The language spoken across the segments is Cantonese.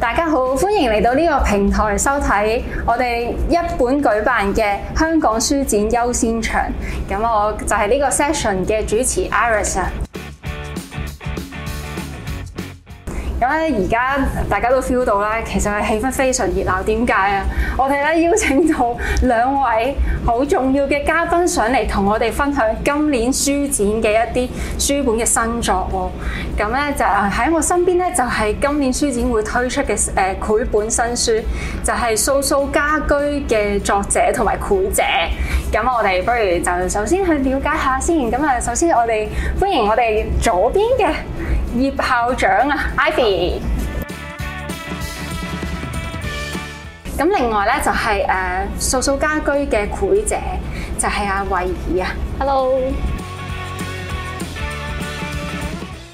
大家好，歡迎嚟到呢個平台收睇我哋一本舉辦嘅香港書展優先場。咁我就係呢個 session 嘅主持 Iris。而家大家都 feel 到啦，其實係氣氛非常熱鬧。點解啊？我哋咧邀請到兩位好重要嘅嘉賓上嚟，同我哋分享今年書展嘅一啲書本嘅新作喎。咁咧就喺我身邊咧，就係今年書展會推出嘅誒繪本新書，就係、是、掃掃家居嘅作者同埋繪者。咁我哋不如就首先去了解下先。咁啊，首先我哋歡迎我哋左邊嘅。葉校長啊，Ivy。咁另外咧就係誒掃掃家居嘅繪者，就係、是、阿慧儀啊，Hello。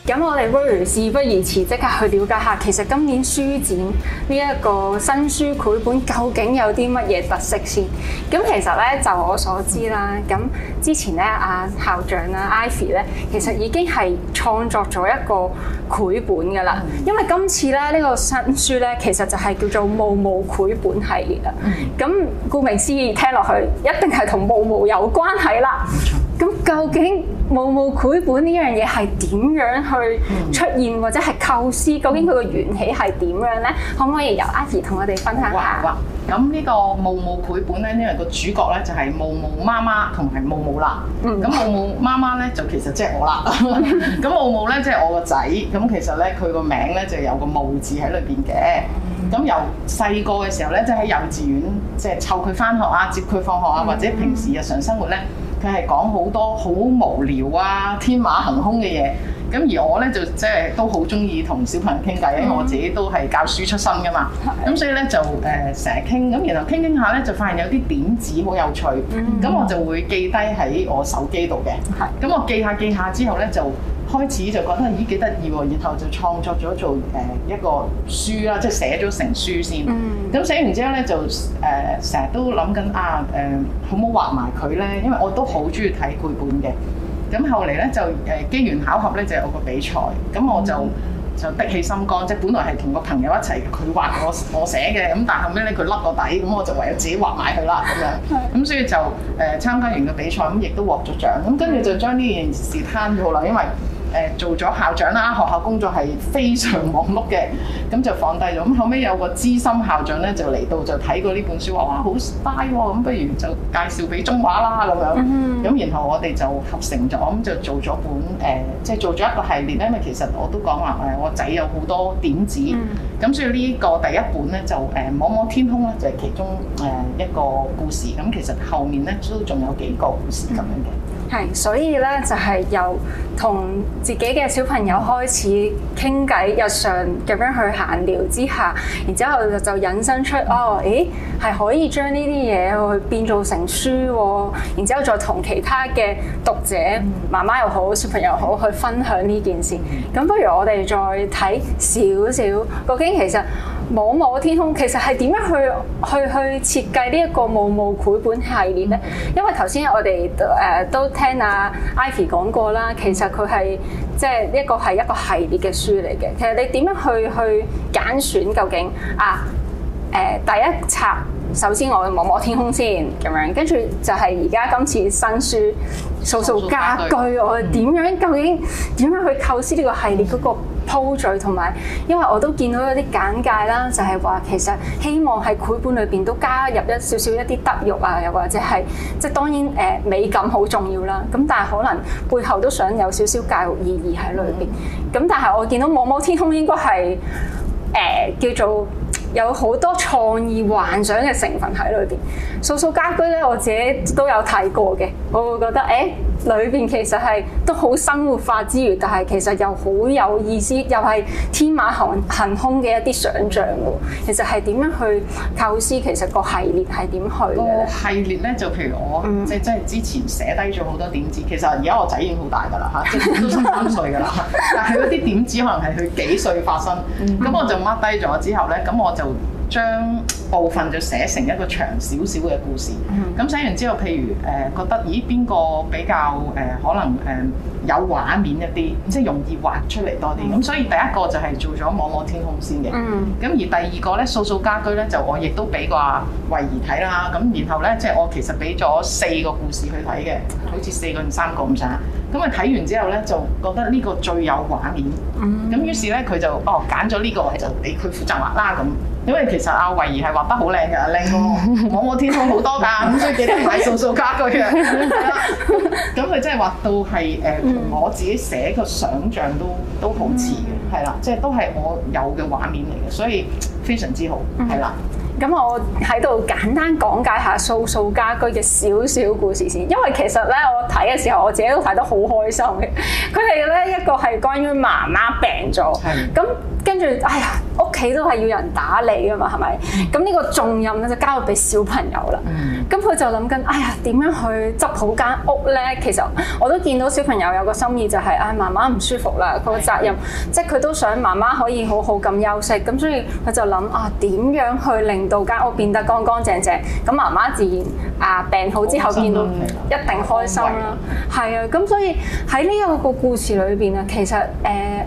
咁我哋不如事不宜遲，即刻去了解下，其實今年書展呢一個新書繪本究竟有啲乜嘢特色先？咁其實咧，就我所知啦，咁之前咧，阿、啊、校長啦，Ivy 咧，其實已經係創作咗一個繪本噶啦。因為今次咧，呢、這個新書咧，其實就係叫做《慕慕繪本系》系列啦。咁顧名思義聽，聽落去一定係同慕慕有關係啦。冇錯。咁究竟《慕慕繪本》呢樣嘢係點樣去出現或者係構思？究竟佢個緣起係點樣咧？可唔、嗯、可以由阿姨同我哋分享下？咁呢個《慕慕繪本》咧、嗯，呢個主角咧就係慕慕媽媽同埋慕慕啦。咁慕慕媽媽咧就其實即係我啦。咁慕慕咧即係我個仔。咁其實咧佢個名咧就有個慕字喺裏邊嘅。咁由細個嘅時候咧，即係喺幼稚園，即係湊佢翻學啊、接佢放學啊，或者平時日常生活咧。 嗯嗯佢係講好多好無聊啊、天馬行空嘅嘢，咁而我呢，就即係都好中意同小朋友傾偈，因為、嗯、我自己都係教書出身噶嘛，咁的所以呢，就誒成日傾，咁、呃、然後傾傾下呢，就發現有啲點子好有趣，咁、嗯嗯、我就會記低喺我手機度嘅，咁的我記下記下之後呢，就。開始就覺得咦，幾得意喎，然後就創作咗做誒一個書啦，即係寫咗成書先。咁、嗯、寫完之後咧就誒成日都諗緊啊誒，好冇畫埋佢咧，因為我都好中意睇繪本嘅。咁後嚟咧就誒機緣巧合咧就係我個比賽，咁我就是嗯、就的起心肝，即係本來係同個朋友一齊佢畫我我寫嘅，咁但後尾咧佢甩個底，咁我就唯有自己畫埋佢啦咁樣。咁是、嗯、所以就誒、呃、參加完個比賽咁亦都獲咗獎，咁跟住就將呢件事攤咗啦，因為。誒做咗校長啦，學校工作係非常忙碌嘅，咁就放低咗。咁後尾有個資深校長咧，就嚟到就睇過呢本書，話哇好癲喎，咁不如就介紹俾中華啦咁樣。咁、mm hmm. 然後我哋就合成咗，咁就做咗本誒、呃，即係做咗一個系列咧。因為其實我都講話誒，我仔有好多點子。咁、mm hmm. 所以呢個第一本咧就誒，摸、呃、摸天空咧就係、是、其中誒一個故事。咁其實後面咧都仲有幾個故事咁樣嘅。Mm hmm. 係，所以咧就係由同自己嘅小朋友開始傾偈，日常咁樣去閒聊之下，然之後就引申出哦，誒係可以將呢啲嘢去變做成書，然之後再同其他嘅讀者媽媽又好，小朋友又好去分享呢件事。咁不如我哋再睇少少究竟，其實。《摸摸天空》其實係點樣去去去設計呢一個《慕慕繪本》系列咧？嗯、因為頭先我哋誒都、呃、都聽阿 Ivy 講過啦，其實佢係即係一個係一個系列嘅書嚟嘅。其實你點樣去去揀選？究竟啊誒、呃、第一冊，首先我摸摸天空先咁樣，跟住就係而家今次新書掃掃家居，我點樣？究竟點樣去構思呢個系列嗰、那個？鋪敘同埋，因為我都見到有啲簡介啦，就係、是、話其實希望喺繪本裏邊都加入一少少一啲德育啊，又或者係即係當然誒、呃、美感好重要啦。咁但係可能背後都想有少少教育意義喺裏邊。咁、嗯、但係我見到《摸摸天空》應該係誒、呃、叫做有好多創意幻想嘅成分喺裏邊。掃掃家居咧，我自己都有睇過嘅，我會覺得誒，欸裏邊其實係都好生活化之餘，但係其實又好有意思，又係天馬行行空嘅一啲想像喎。其實係點樣去構思？其實個系列係點去嘅？個系列咧就譬如我即係即係之前寫低咗好多點子。其實而家我仔已經好大㗎啦，吓， 都三,三歲㗎啦。 但係嗰啲點子可能係佢幾歲發生，咁、嗯、我就 mark 低咗之後咧，咁我就。將部分就寫成一個長少少嘅故事。咁、嗯、寫完之後，譬如誒、呃、覺得咦邊個比較誒、呃、可能誒、呃、有畫面一啲，即係容易畫出嚟多啲。咁、嗯、所以第一個就係做咗《摸摸天空》先嘅、嗯。咁而第二個咧，《掃掃家居》咧就我亦都俾過阿慧儀睇啦。咁然後咧，即係我其實俾咗四個故事去睇嘅，好似四個三個咁上下。咁啊睇完之後咧，就覺得呢個最有畫面。咁於是咧，佢就哦揀咗呢個位就俾佢負責畫啦咁。因為其實阿慧儀係畫得好靚嘅，靚過《摸摸天空》好多㗎，咁所以幾多人買掃掃家居嘅？係啦，咁佢真係畫到係誒同我自己寫嘅想像都都好似嘅，係啦，即係都係我有嘅畫面嚟嘅，所以非常之好，係啦。咁我喺度簡單講解下掃掃家居嘅少少故事先，因為其實咧我睇嘅時候我自己都睇得好開心嘅。佢哋咧一個係關於媽媽病咗，咁。跟住，哎呀，屋企都係要人打理噶嘛，係咪？咁呢個重任咧就交俾小朋友啦。嗯，咁佢就諗緊，哎呀，點樣去執好間屋咧？其實我都見到小朋友有個心意，就係啊媽媽唔舒服啦，個責任，即係佢都想媽媽可以好好咁休息。咁所以佢就諗啊，點樣去令到間屋變得乾乾淨淨，咁媽媽自然啊病好之後見到一定開心啦。係啊，咁所以喺呢一個故事裏邊啊，其實誒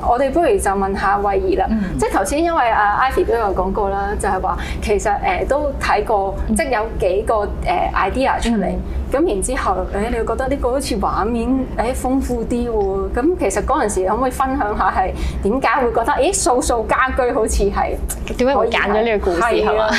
我哋不如就問下慧儀啦。嗯，即係頭先，因為阿 Ivy 都有講過啦，就係、是、話其實誒都睇過，嗯、即係有幾個誒 idea 出嚟，咁、嗯、然後之後誒、欸、你會覺得呢個好似畫面誒豐、欸、富啲喎，咁其實陣時可唔可以分享下係點解會覺得誒掃掃家居好似係點解會揀咗呢個故事係嘛？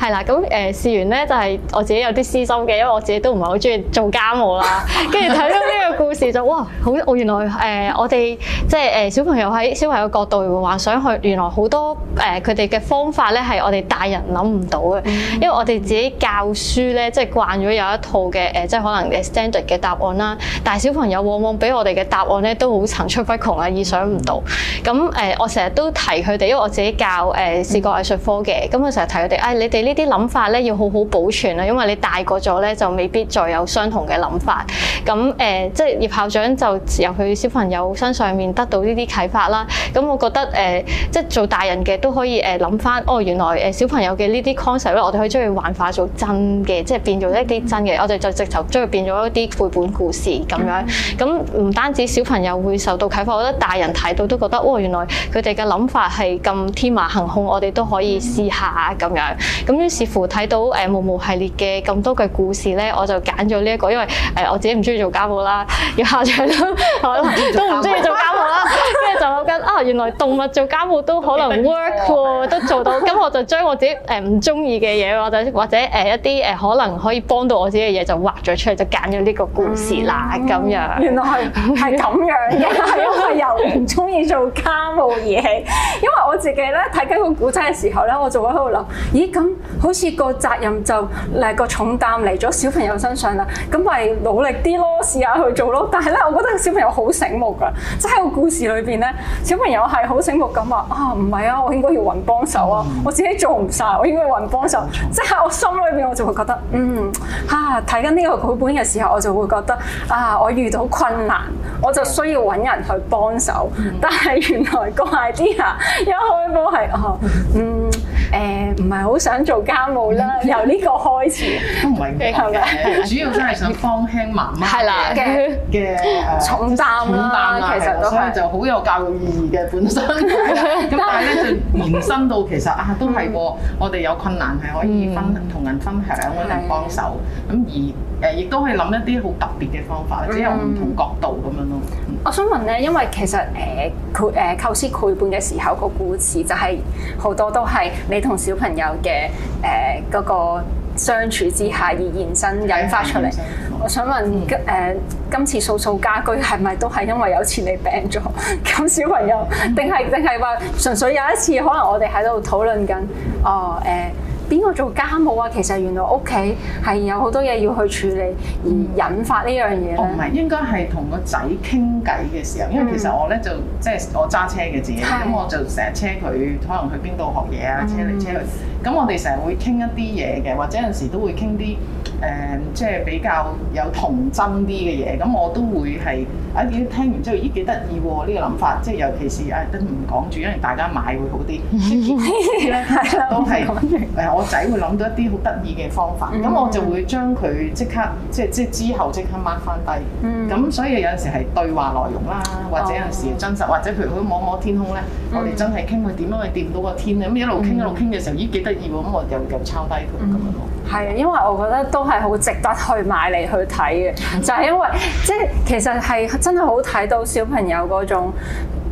係啦、啊，咁誒試完咧就係、是、我自己有啲私心嘅，因為我自己都唔係好中意做家務啦，跟住睇到呢個故事就哇好，我原來誒我哋即係誒小朋友喺小朋友角度話想去。原來好多誒，佢哋嘅方法咧係我哋大人諗唔到嘅，因為我哋自己教書咧，即係慣咗有一套嘅誒，即係可能 standard 嘅答案啦。但係小朋友往往俾我哋嘅答案咧都好層出不窮啊，意想唔到。咁誒，我成日都提佢哋，因為我自己教誒、呃、試過藝術科嘅，咁我成日提佢哋，誒、哎、你哋呢啲諗法咧要好好保存啦，因為你大個咗咧就未必再有相同嘅諗法。咁誒，即係葉校長就由佢小朋友身上面得到呢啲啟發啦。咁我覺得誒。呃即係做大人嘅都可以誒諗翻，哦，原來誒小朋友嘅呢啲 concept 咧，我哋可以將佢幻化做真嘅，即係變做一啲真嘅，我哋就直頭將佢變咗一啲繪本故事咁、嗯、樣。咁唔單止小朋友會受到啟發，我覺得大人睇到都覺得，哦，原來佢哋嘅諗法係咁天馬行空，我哋都可以試下咁樣。咁於是乎睇到誒慕慕系列嘅咁多嘅故事咧，我就揀咗呢一個，因為誒我自己唔中意做家務啦，而 家長 都都唔中意原來動物做家務都可能 work 喎， 都做到。咁我就將我自己誒唔中意嘅嘢，或者或者誒一啲誒可能可以幫到我自己嘅嘢，就畫咗出嚟，就揀咗呢個故事啦。咁樣、嗯、天原來係係咁樣嘅，係我係又唔中意做家務嘢，因為我自己咧睇緊個古仔嘅時候咧，我就會喺度諗：咦，咁好似個責任就嚟個重擔嚟咗小朋友身上啦。咁咪努力啲咯，試下去做咯。但係咧，我覺得小朋友好醒目㗎，即係喺個故事裏邊咧，小朋友。我係好醒目咁話啊，唔係啊，我應該要揾幫手啊，嗯、我自己做唔晒，我應該要揾幫手、啊。即係、嗯、我心裏邊，我就會覺得，嗯啊，睇緊呢個繪本嘅時候，我就會覺得啊，我遇到困難，我就需要揾人去幫手、啊。但係原來個 idea 啊，一開波係哦，嗯、呃、誒，唔係好想做家務啦、啊，嗯、由呢個開始，都唔係，係咪？主要真係想放輕媽媽嘅嘅重擔啦、啊，擔啊、其實都係，所以就好有教育意義嘅。 呢 本身咁，但係咧就延伸到其實啊，都係喎、啊。嗯、我哋有困難係可以分同、嗯、人分享或者幫手，咁、嗯、而誒亦都可以諗一啲好特別嘅方法，嗯、即係有唔同角度咁樣咯。嗯、我想問咧，因為其實誒佢誒構思繪本嘅時候個故事、就是，就係好多都係你同小朋友嘅誒嗰個。相處之下而延伸引發出嚟， 我想問、呃、今次掃掃家居係咪都係因為有錢 次你病咗，咁小朋友，定係定係話純粹有一次可能我哋喺度討論緊哦誒。呃邊個做家務啊？其實原來屋企係有好多嘢要去處理，而引發呢樣嘢。唔係應該係同個仔傾偈嘅時候，因為其實我咧就即係、就是、我揸車嘅自己，咁、嗯、我就成日車佢，可能去邊度學嘢啊，車嚟車去。咁、嗯、我哋成日會傾一啲嘢嘅，或者有陣時都會傾啲。誒、呃，即係比較有童真啲嘅嘢，咁我都會係啊！咦，聽完之後咦幾得意喎，呢、啊呢個諗法，即係尤其是啊，都唔講住，因為大家買會好啲， 嗯嗯、都係我仔會諗到一啲好得意嘅方法，咁、嗯、我就會將佢即刻，即係即係之後即刻 mark 翻低。咁、嗯、所以有陣時係對話內容啦，或者有陣時真實，或者譬如佢摸摸天空咧，我哋真係傾佢點樣，去掂到個天咧，咁、嗯、一路傾一路傾嘅時候咦幾得意喎，咁我又又抄低佢咁樣咯。係、嗯，對 因為我覺得都。係好值得去買嚟去睇嘅，就係因為即係其實係真係好睇到小朋友嗰種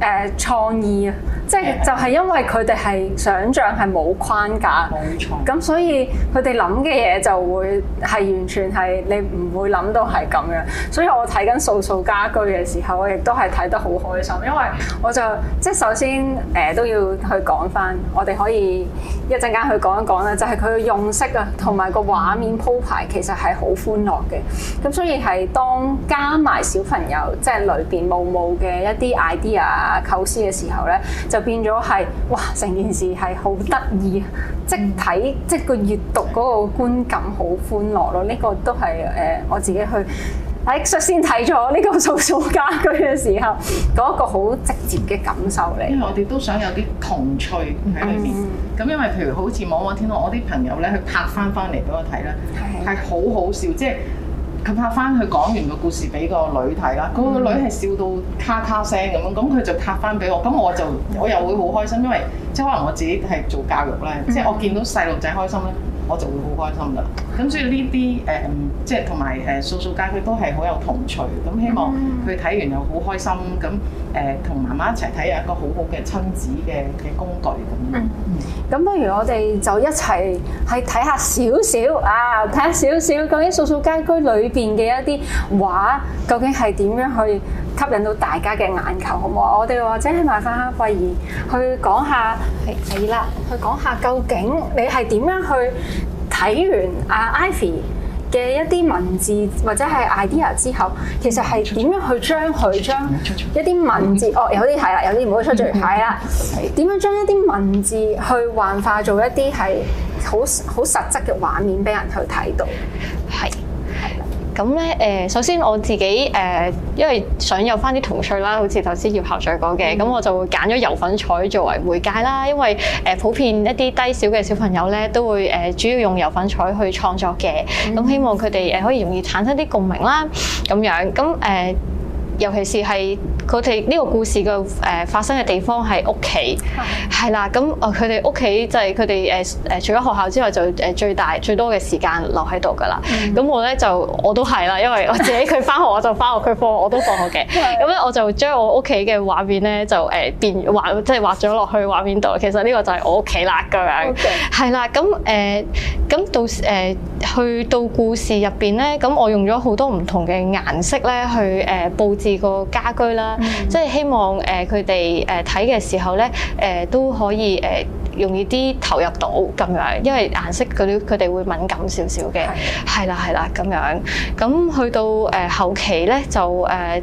誒創意啊！即係就係因為佢哋係想象係冇框架，冇錯錯，咁所以佢哋諗嘅嘢，就會係完全係你唔會諗到係咁樣，所以我睇緊掃掃家居嘅時候，我亦都係睇得好開心，因為我就即係首先誒、呃、都要去講翻，我哋可以一陣間去講一講啦。就係佢嘅用色啊，同埋個畫面鋪排其實係好歡樂嘅。咁所以係當加埋小朋友即係裏邊慕慕嘅一啲 idea 啊構思嘅時候咧，就就變咗係，哇！成件事係好得意，即睇即個閲讀嗰個觀感好歡樂咯。呢、嗯、個都係誒、呃、我自己去喺率、哎、先睇咗呢個掃掃家居嘅時候嗰、那個好直接嘅感受嚟。因為我哋都想有啲童趣喺裏面。咁、嗯、因為譬如好似《摸摸天空》，我啲朋友咧去拍翻翻嚟俾我睇啦，咧是，係好好笑，即係。佢拍翻佢講完個故事俾個女睇啦，嗯、個女係笑到咔咔聲咁樣，咁佢就拍翻俾我，咁我就我又會好開心，因為即係可能我自己係做教育咧，嗯、即係我見到細路仔開心咧，我就會好開心啦。咁、嗯、所以呢啲誒，即係同埋誒掃掃家居都係好有同趣。咁、嗯嗯、希望佢睇完又好開心。咁誒同媽媽一齊睇下一個好好嘅親子嘅嘅工具咁咯。咁、嗯嗯、不如我哋就一齊去睇下少少啊，睇下少少究竟掃掃家居裏邊嘅一啲畫，究竟係點樣去吸引到大家嘅眼球，好唔好？我哋或者係麻煩慧儀去講下係啦，去講下究竟你係點樣去？睇完阿 Ivy 嘅一啲文字或者係 idea 之後，其實係點樣去將佢將一啲文字 哦，有啲係啦，有啲唔好出嘴，係啦，點 樣將一啲文字去幻化做一啲係好好實質嘅畫面俾人去睇到。咁咧，誒首先我自己誒，因為想有翻啲童趣啦，好似頭先葉校長講嘅，咁、嗯、我就會揀咗油粉彩作為媒介啦，因為誒普遍一啲低小嘅小朋友咧，都會誒主要用油粉彩去創作嘅，咁希望佢哋誒可以容易產生啲共鳴啦，咁樣咁誒。尤其是係佢哋呢個故事嘅，誒發生嘅地方係屋企，係啦，咁啊佢哋屋企就係佢哋誒誒，除咗學校之外，就誒最大最多嘅時間留喺度㗎啦。咁、嗯、我咧就我都係啦，因為我自己佢翻學我就翻學，佢放我都放學嘅。咁咧 我就將我屋企嘅畫面咧就誒變畫，即係畫咗落去畫面度。其實呢個就係我屋企啦，咁樣係啦。咁誒咁到誒去到，到故事入邊咧，咁我用咗好多唔同嘅顏色咧去誒布置。掃掃家居啦，嗯、即係希望誒佢哋誒睇嘅時候咧，誒、呃、都可以誒、呃、容易啲投入到咁樣，因為顏色嗰佢哋會敏感少少嘅，係啦係啦咁樣，咁去到誒、呃、後期咧就誒。呃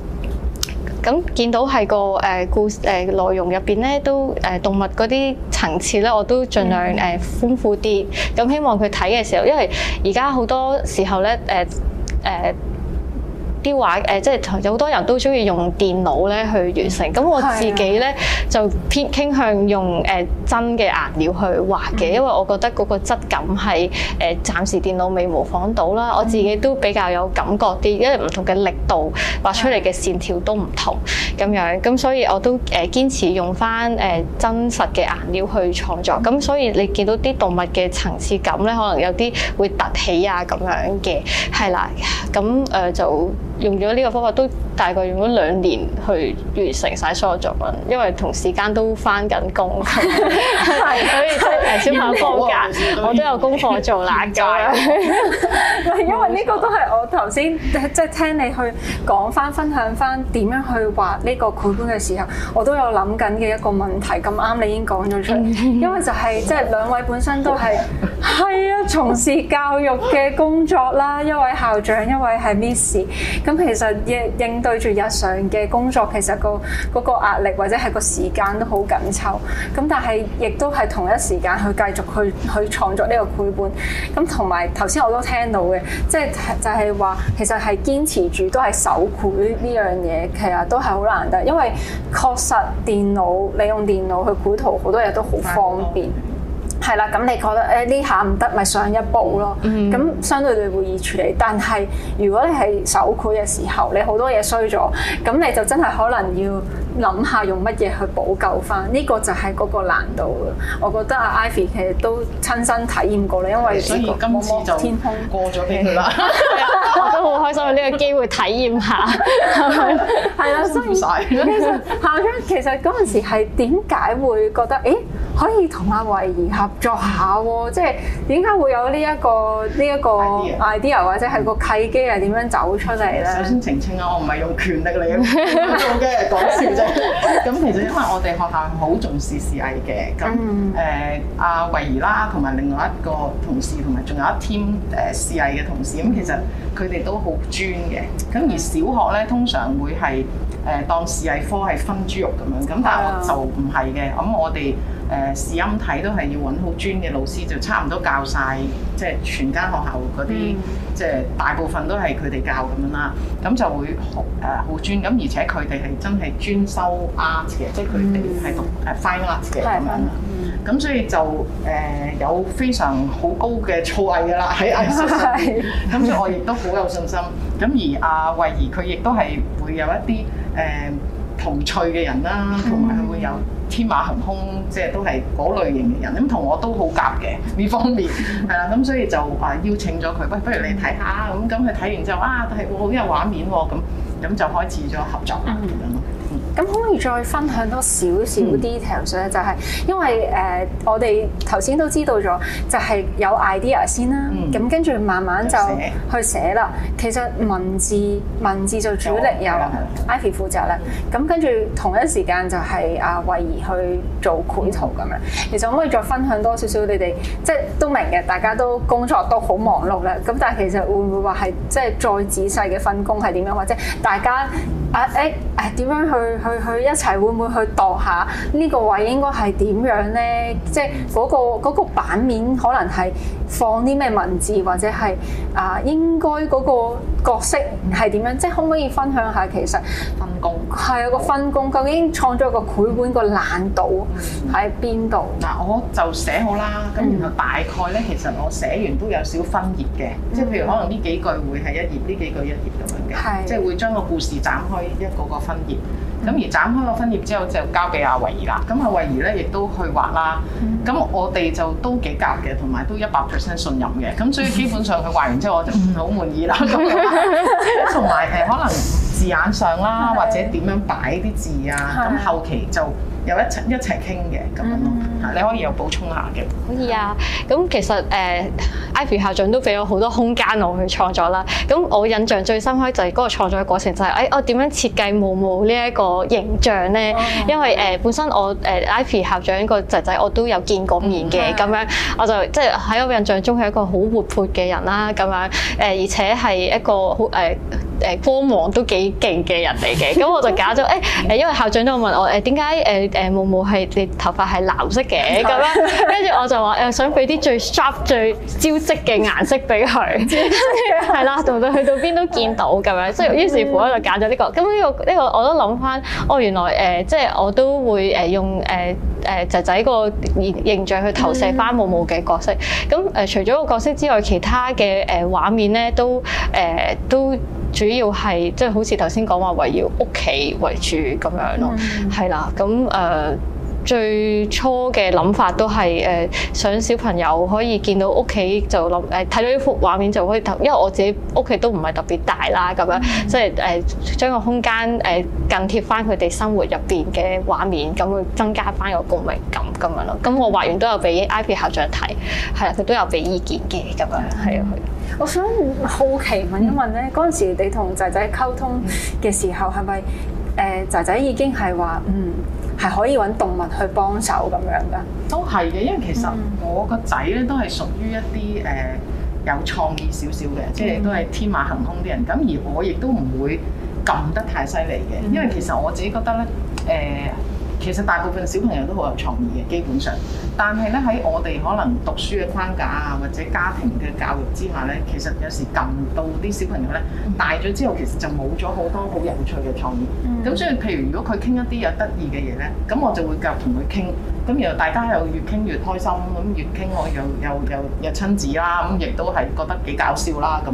咁見到係個故事內容入面咧，都動物嗰啲層次咧，我都盡量誒豐富啲。咁希望佢睇嘅時候，因為而家好多時候呢。呃呃啲畫誒，即係有好多人都中意用電腦咧去完成。咁我自己咧就偏傾向用誒真嘅顏料去畫嘅，因為我覺得嗰個質感係誒暫時電腦未模仿到啦。我自己都比較有感覺啲，因為唔同嘅力度畫出嚟嘅線條都唔同咁樣。咁所以我都誒堅持用翻誒真實嘅顏料去創作。咁所以你見到啲動物嘅層次感咧，可能有啲會凸起啊咁樣嘅，係啦。咁誒就。用咗呢個方法都大概用咗兩年去完成晒所有作品，因為同時間都返緊工，係所以真係小朋友放假，我都有功課做㗎啦。因為呢個都係我頭先即係聽你去講返分享返點樣去畫呢個繪本嘅時候，我都有諗緊嘅一個問題，咁啱你已經講咗出嚟，因為就係即係兩位本身都係係啊，從事教育嘅工作啦，一位校長，一位係 Miss。咁其實應應對住日常嘅工作，其實個嗰個壓力或者係個時間都好緊湊。咁但係亦都係同一時間去繼續去去創作呢個繪本。咁同埋頭先我都聽到嘅，即係就係話其實係堅持住都係手繪呢樣嘢，其實都係好難得。因為確實電腦你用電腦去繪圖，好多嘢都好方便。係啦，咁你覺得誒呢下唔得，咪上一步咯。咁相對嚟會易處理。但係如果你係手繪嘅時候，你好多嘢衰咗，咁你就真係可能要諗下用乜嘢去補救翻。呢個就係嗰個難度。我覺得阿 Ivy 其實都親身體驗過啦，因為所以今次天空過咗俾佢啦。我都好開心有呢個機會體驗下。係啊，所晒。嚇住。其實嗰陣時係點解會覺得誒？可以同阿慧儀合作下喎，即係點解會有呢、呢、一個呢一、呢個 idea 或者係個契機係點樣走出嚟咧？首先澄清啊，我唔係用權力嚟嘅，講笑啫。咁 其實因為我哋學校好重視視藝嘅，咁誒阿慧儀啦，同埋、mm hmm. 啊、另外一個同事，同埋仲有一 team 誒視藝嘅同事，咁其實佢哋都好專嘅。咁而小學咧通常會係誒當視藝科係分豬肉咁樣，咁但我就唔係嘅。咁我哋誒試音體都係要揾好專嘅老師，就差唔多教晒，即、就、係、是、全間學校嗰啲，即係、嗯、大部分都係佢哋教咁樣啦。咁就會好誒好專，咁而且佢哋係真係專修 art 嘅，嗯、即係佢哋係讀誒 fine art 嘅咁是樣。咁、嗯、所以就誒有非常好高嘅造詣㗎啦，喺藝術上。咁是 所以我亦都好有信心。咁 而阿慧儀佢亦都係會有一啲誒。呃童趣嘅人啦，同埋佢會有天馬行空，即係都係嗰類型嘅人，咁同我都好夾嘅呢方面，係啦， 咁所以就話邀請咗佢，喂，不如你睇下，咁咁佢睇完之後，哇、啊，係好有畫面喎、哦，咁咁就開始咗合作咁樣咯。嗯咁可唔可以再分享多少少 detail 咧？嗯、就係因為誒、呃、我哋頭先都知道咗，就係、是、有 idea 先啦，咁跟住慢慢就去寫啦。其實文字文字做主力由 Ivy 負責啦，咁跟住同一時間就係阿慧儀去做繪圖咁樣，嗯、其實可唔可以再分享多少少你哋？即係都明嘅，大家都工作都好忙碌啦。咁但係其實會唔會話係即係再仔細嘅分工係點樣，或者大家啊誒。欸點樣去去去一齊，會唔會去度下呢個位應該係點樣咧？即係嗰個嗰個版面可能係。放啲咩文字或者係啊，應該嗰個角色係點樣？即係可唔可以分享下其實分工？係啊，個分工究竟創作個繪本，嗯、個難度喺邊度？嗱，我就寫好啦，咁然後大概咧，其實我寫完都有少分頁嘅，嗯、即係譬如可能呢幾句會係一頁，呢幾句一頁咁樣嘅，的即係會將個故事斬開一個個分頁。咁而斬開個分頁之後就交俾阿慧儀啦，咁阿慧儀咧亦都去畫啦，咁 我哋就都幾夾嘅，同埋都一百 percent 信任嘅，咁所以基本上佢畫完之後我就唔好滿意啦，咁樣，同埋誒可能。字眼上啦，或者點樣擺啲字啊，咁後期就又一齊一齊傾嘅咁樣咯。你可以有補充下嘅，可以啊。咁其實誒、呃、Ivy 校長都俾咗好多空間我去創作啦。咁我印象最深刻就係嗰個創作嘅過程就係、是，誒、哎、我點樣設計毛毛呢一個形象咧？因為誒、呃、本身我誒、呃、Ivy 校長個仔仔我都有見過面嘅，咁、嗯啊、樣我就即係喺我印象中係一個好活潑嘅人啦，咁樣誒、呃、而且係一個好誒。呃誒光芒都幾勁嘅人嚟嘅，咁我就揀咗誒誒，因為校長都問我誒點解誒誒慕慕係嘅頭髮係藍色嘅咁樣，跟住我就話誒想俾啲最 sharp 最招式嘅顏色俾佢，係啦，同佢去到邊都見到咁樣，即係於是乎我就揀咗呢個。咁呢個呢個我都諗翻，我原來誒即係我都會誒用誒誒仔仔個形象去投射翻慕慕嘅角色。咁誒除咗個角色之外，其他嘅誒畫面咧都誒都。主要係即係好似頭先講話圍繞屋企圍住咁樣囉，係喇，噉，呃。嗯最初嘅諗法都係誒，想小朋友可以見到屋企就諗誒，睇到呢幅畫面就可以，因為我自己屋企都唔係特別大啦，咁樣即係誒，將個空間誒近貼翻佢哋生活入邊嘅畫面，咁會增加翻個共鳴感咁樣咯。咁我畫完有 IP 都有俾 Ivy 校長睇，係啦，佢都有俾意見嘅咁樣，係啊。嗯、的我想好奇問，嗯、問一問咧，嗰陣時你同仔仔溝通嘅時候係咪誒仔仔已經係話嗯？係可以揾動物去幫手咁樣噶，都係嘅。因為其實我個仔咧都係屬於一啲誒、呃、有創意少少嘅，即係都係天馬行空啲人。咁而我亦都唔會撳得太犀利嘅，因為其實我自己覺得呢。誒、呃。其實大部分小朋友都好有創意嘅，基本上。但係咧喺我哋可能讀書嘅框架啊，或者家庭嘅教育之下咧，其實有時撳到啲小朋友咧。嗯、大咗之後，其實就冇咗好多好有趣嘅創意。咁、嗯、所以，譬如如果佢傾一啲有得意嘅嘢咧，咁我就會夾同佢傾。咁然後大家又越傾越開心，咁越傾我又又又又，又，又親子啦，咁亦都係覺得幾搞笑啦咁。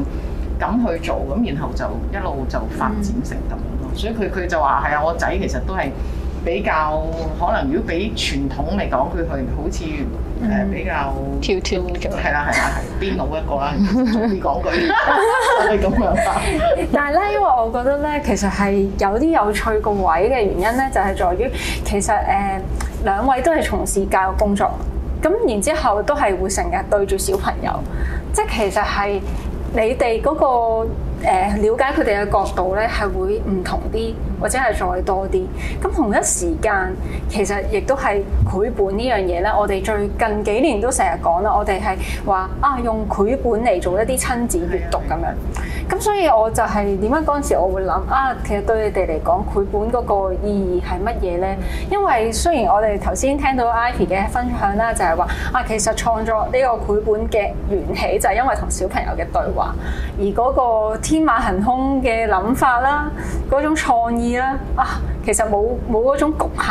咁去做，咁然後就一路就發展成咁樣咯。嗯、所以佢佢就話係啊，我仔其實都係。比較可能，如果比傳統嚟講，佢佢好似誒比較、嗯、比較跳跳，係啦係啦係，邊老 一個啦，中意講句咁樣。但係咧，因為我覺得咧，其實係有啲有趣個位嘅原因咧，就係在於其實誒、呃、兩位都係從事教育工作，咁然之後，後都係會成日對住小朋友，即、就、係、是、其實係你哋嗰、那個。誒，瞭解佢哋嘅角度咧，係會唔同啲，或者係再多啲。咁同一時間，其實亦都係繪本呢樣嘢咧。我哋最近幾年都成日講啦，我哋係話啊，用繪本嚟做一啲親子閱讀咁樣。咁所以我就係點解嗰陣時我會諗啊，其實對你哋嚟講，繪本個意義係乜嘢咧？因為雖然我哋頭先聽到 Ivy 嘅分享啦，就係話啊，其實創作呢個繪本嘅緣起就係因為同小朋友嘅對話，而個天馬行空嘅諗法啦，種創意啦，啊，其實冇冇種局限，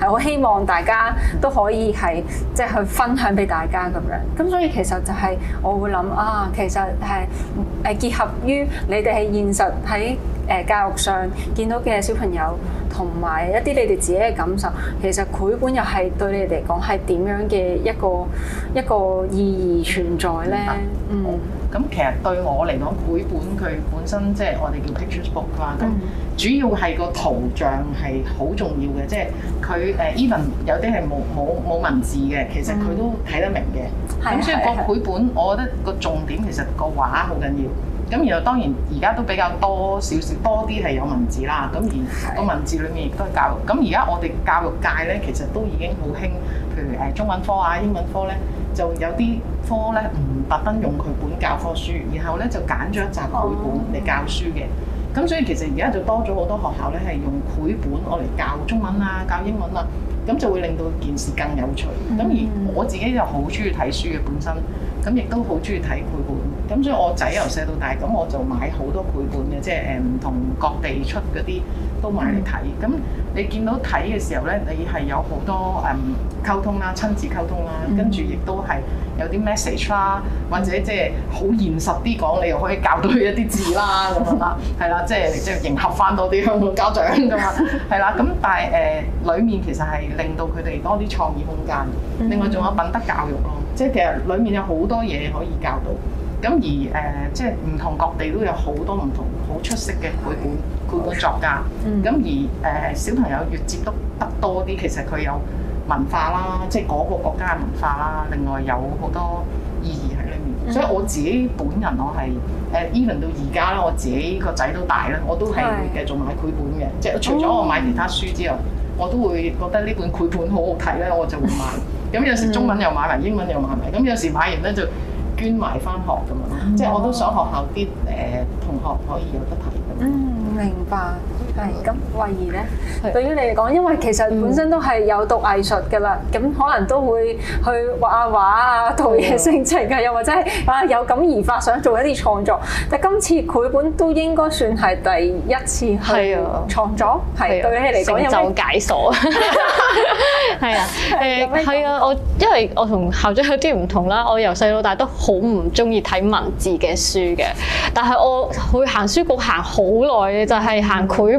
係好希望大家都可以係即係去分享俾大家咁樣。咁所以其實就係我會諗啊，其實係誒結合於。你哋喺現實喺誒教育上見到嘅小朋友，同埋一啲你哋自己嘅感受，其實繪本又係對你哋嚟講係點樣嘅一個一個意義存在咧？嗯，咁、啊哦、其實對我嚟講，繪本佢本身即係我哋叫 picture book 啦，咁、嗯、主要係個圖像係好重要嘅，即係佢誒 even 有啲係冇冇冇文字嘅，其實佢都睇得明嘅。咁、嗯、所以個繪本，我覺得個重點其實個畫好緊要。咁然後當然，而家都比較多少少多啲係有文字啦。咁的而個文字裏面亦都係教育。咁而家我哋教育界咧，其實都已經好興，譬如誒中文科啊、英文科咧，就有啲科咧唔特登用佢本教科書，然後咧就揀咗一集繪本嚟教書嘅。咁、哦、所以其實而家就多咗好多學校咧，係用繪本我嚟教中文啊、教英文啊，咁就會令到件事更有趣。咁、嗯、而我自己就好中意睇書嘅本身。咁亦都好鍾意睇繪本，咁所以我仔由細到大，咁我就買好多繪本嘅，即係誒唔同各地出嗰啲。都埋嚟睇，咁你見到睇嘅時候咧，你係有好多誒、嗯、溝通啦，親子溝通啦，嗯、跟住亦都係有啲 message 啦，或者即係好現實啲講，你又可以教到佢一啲字啦咁樣啦，係啦， 即係即係迎合翻多啲香港家長噶嘛，係啦， 咁但係誒、呃、裡面其實係令到佢哋多啲創意空間，嗯、另外仲有品德教育咯，即係、嗯、其實裡面有好多嘢可以教到。咁而誒，即係唔同各地都有好多唔同好出色嘅繪本、繪本作家。咁而誒，小朋友越接觸得多啲，其實佢有文化啦，即係嗰個國家嘅文化啦。另外有好多意義喺裏面。所以我自己本人我係誒，even 到而家啦，我自己個仔都大啦，我都係繼續買繪本嘅。即係除咗我買其他書之外，我都會覺得呢本繪本好好睇咧，我就會買。咁有時中文又買埋，英文又買埋。咁有時買完咧就～捐埋翻學咁樣咯，即係我都想學校啲誒同學可以有得睇。嗯，明白。係咁，慧怡咧，對於你嚟講，因為其實本身都係有讀藝術嘅啦，咁可能都會去畫下畫啊，陶冶性情啊，又或者係啊有感而發，想做一啲創作。但今次繪本都應該算係第一次去創作，係、啊、對你嚟講、啊、就解鎖，係 啊，誒係啊，啊，我因為我同校長有啲唔同啦，我由細到大都好唔中意睇文字嘅書嘅，但係我去行書局行好耐嘅，就係、是、行繪。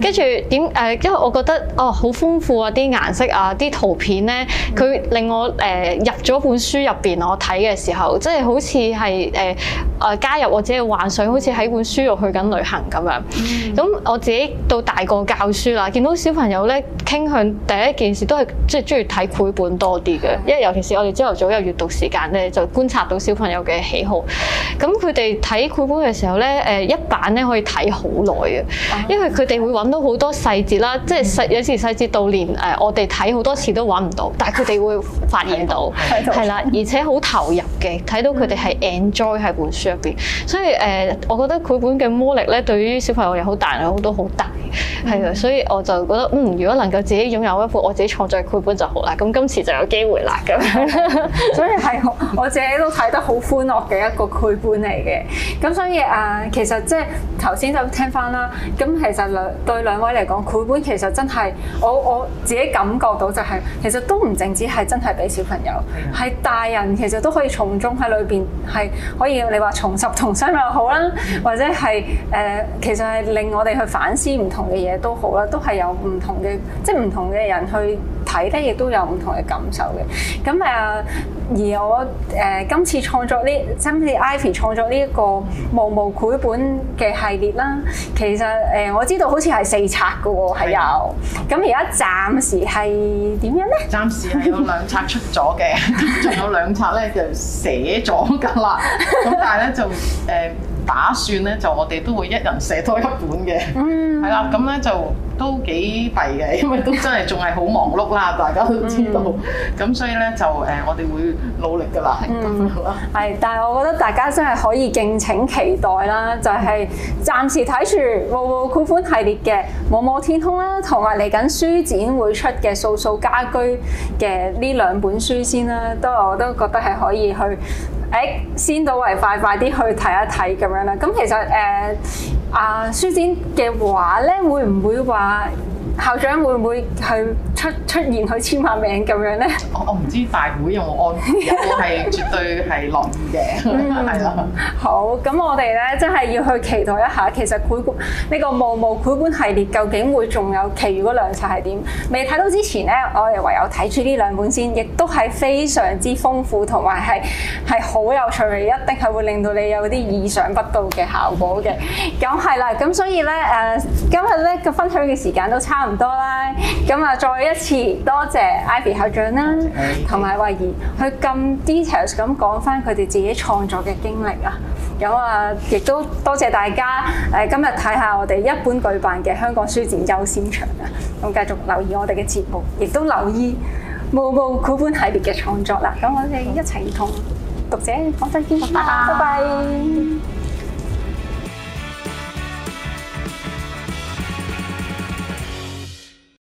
跟住點，誒因為我覺得哦，好豐富啊！啲顏色啊，啲圖片咧，佢令我誒、呃、入咗本書入邊。我睇嘅時候，即係好似係誒誒加入我自己幻想，好似喺本書入去緊旅行咁樣咁、嗯、我自己到大個教書啦，見到小朋友咧傾向第一件事都係即係中意睇繪本多啲嘅。因為尤其是我哋朝頭早有閱讀時間咧，就觀察到小朋友嘅喜好。咁佢哋睇繪本嘅時候咧，誒一版咧可以睇好耐嘅，因為佢哋會揾。到好多細節啦，即係細有時細節到連誒我哋睇好多次都揾唔到，但係佢哋會發現到，係啦，而且好投入嘅，睇到佢哋係 enjoy 喺本書入邊，所以誒、呃，我覺得繪本嘅魔力咧，對於小朋友又好大，好多好大，係啊，所以我就覺得嗯，如果能夠自己擁有一本我自己創作嘅繪本就好啦，咁今次就有機會啦咁，的 所以係 我自己都睇得好歡樂嘅一個繪本嚟嘅，咁所以啊，其實即係頭先就聽翻啦，咁其實兩。對兩位嚟講，繪本其實真係我我自己感覺到就係、是，其實都唔淨止係真係俾小朋友，係 大人其實都可以從中喺裏邊係可以你話重拾童心又好啦，或者係誒、呃、其實係令我哋去反思唔同嘅嘢都好啦，都係有唔同嘅即係唔同嘅人去睇咧，亦都有唔同嘅感受嘅。咁啊。呃而我誒、呃、今次創作呢，今次 Ivy 創作呢一個慕慕繪本嘅系列啦，其實誒、呃、我知道好似係四冊㗎喎，係有。咁而家暫時係點樣咧？暫時係有兩冊出咗嘅，仲 有兩冊咧就寫咗㗎啦。咁但係咧就誒。呃打算咧就我哋都會一人寫多一本嘅，係啦、嗯，咁咧就都幾弊嘅，因為都真係仲係好忙碌啦，大家都知道，咁、嗯、所以咧就誒、呃、我哋會努力噶啦，係啦、嗯。係，但係我覺得大家真係可以敬請期待啦，就係、是、暫時睇住《慕慕繪本》系列嘅《摸摸天空》啦，同埋嚟緊書展會出嘅《掃掃家居》嘅呢兩本書先啦，都我都覺得係可以去。誒，先到為快，快快啲去睇一睇咁樣啦。咁其實，誒、呃，啊書展嘅話咧，會唔會話？校長會唔會去出出現去簽下名咁樣咧？我我唔知大會有冇安， 我係絕對係樂意嘅，係 啦、嗯。 好，咁我哋咧真係要去期待一下。其實《繪本》呢個《慕慕繪本》系列究竟會仲有其餘嗰兩冊係點？未睇到之前咧，我哋唯有睇住呢兩本先，亦都係非常之豐富同埋係係好有趣，一定係會令到你有啲意想不到嘅效果嘅。咁係啦，咁所以咧，誒今日咧個分享嘅時間都差。差唔多啦，咁啊，再一次多謝 Ivy 校長啦，同埋慧儀，去咁 detailed 咁講翻佢哋自己創作嘅經歷啊，咁啊，亦 都樂多謝大家誒今日睇下我哋一般舉辦嘅香港書展優先場啊，咁繼續留意我哋嘅節目，亦都留意慕慕繪本系列嘅創作啦，咁 我哋一齊同讀者講聲再見， 拜拜。